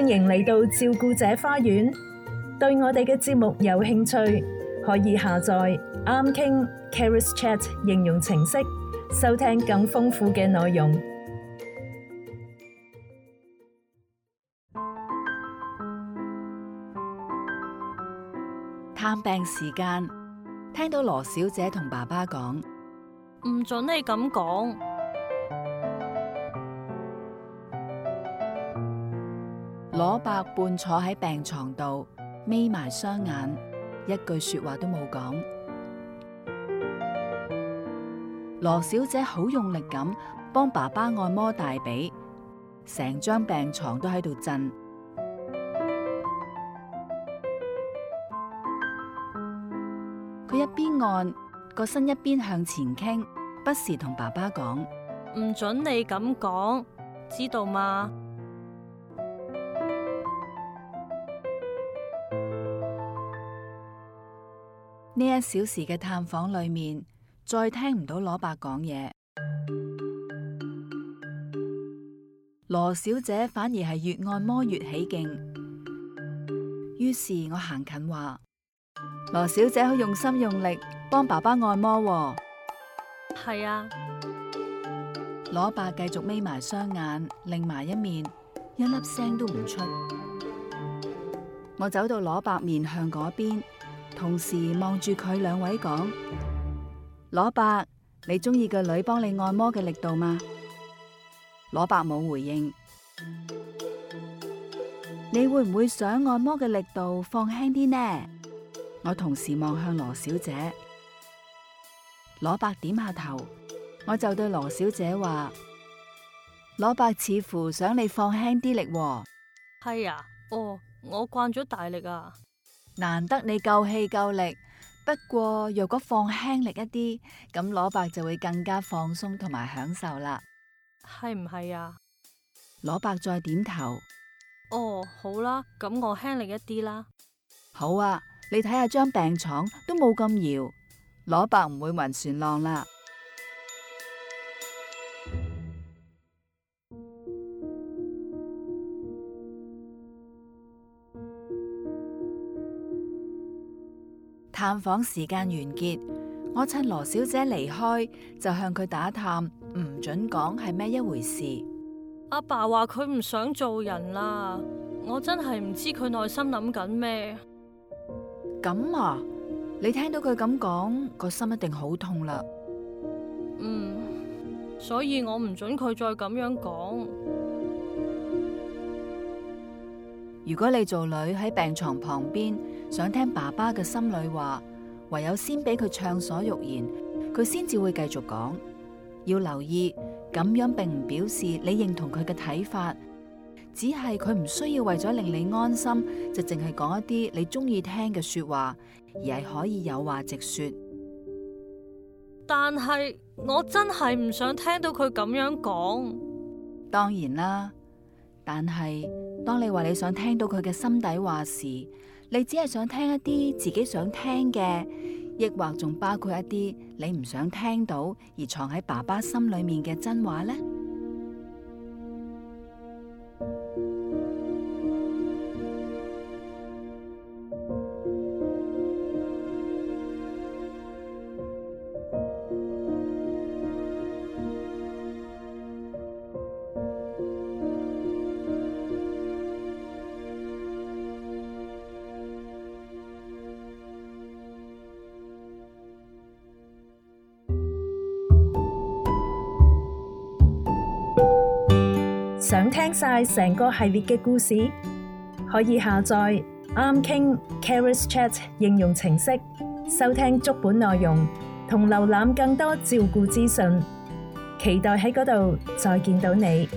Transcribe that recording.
歡迎嚟到照顧者花園，對我哋嘅節目有興趣，可以下載啱傾 Carers Chat 應用程式，收聽更豐富嘅內容。探病時間，聽到羅小姐同爸爸講，唔准你咁講。羅伯半坐喺病床度，眯埋雙眼，一句說話都冇講。羅小姐好用力咁幫爸爸按摩大髀，成張病床都喺度震。佢一邊按個身，一邊向前傾，不時同爸爸講：唔准你咁講，知道嗎？呢一小時嘅探訪裏面，再聽唔到羅伯講嘢，羅小姐反而係越按摩越起勁。於是我行近話：羅小姐好用心用力幫爸爸按摩。係啊，啊羅伯繼續眯埋雙眼，擰埋一面，一粒聲都唔出。我走到羅伯面向嗰邊。同時望住佢兩位講，羅伯，你中意個女幫你按摩嘅力度嗎？羅伯冇回應。你會唔會想按摩嘅力度放輕啲呢？我同時望向羅小姐，羅伯點下頭，我就對羅小姐話：羅伯似乎想你放輕啲力。係啊，哦，我慣咗大力啊。難得你夠氣夠力，不過若果放輕力一啲，咁羅伯就會更加放鬆同埋享受啦，係唔係啊？羅伯再點頭。哦，好啦，咁我輕力一啲啦。好啊，你睇下張病床都冇咁搖，羅伯唔會暈船浪啦。探訪時間完結，我趁羅小姐離開就向佢打探，唔准講係咩一回事。阿爸話佢唔想做人啦，我真係唔知佢內心諗緊咩。咁啊，你聽到佢咁講，個心一定好痛啦。嗯，所以我唔准佢再咁樣講。如果你做女喺病床旁邊，想聽爸爸嘅心裏話，唯有先俾佢暢所欲言，佢先至會繼續講。要留意，咁樣並唔表示你認同佢嘅睇法，只係佢唔需要為咗令你安心，就淨係講一啲你中意聽嘅說話，而係可以有話直說。但係我真係唔想聽到佢咁樣講。當然啦，但係當你話你想聽到佢嘅心底話時。你只係想聽一啲自己想聽嘅，亦或仲包括一啲你唔想聽到而藏喺爸爸心裏面嘅真話呢？想聽晒成個系列嘅故事，可以下載《啱傾 Carers Chat》應用程式，收聽足本內容同瀏覽更多照顧資訊。期待喺嗰度再見到你。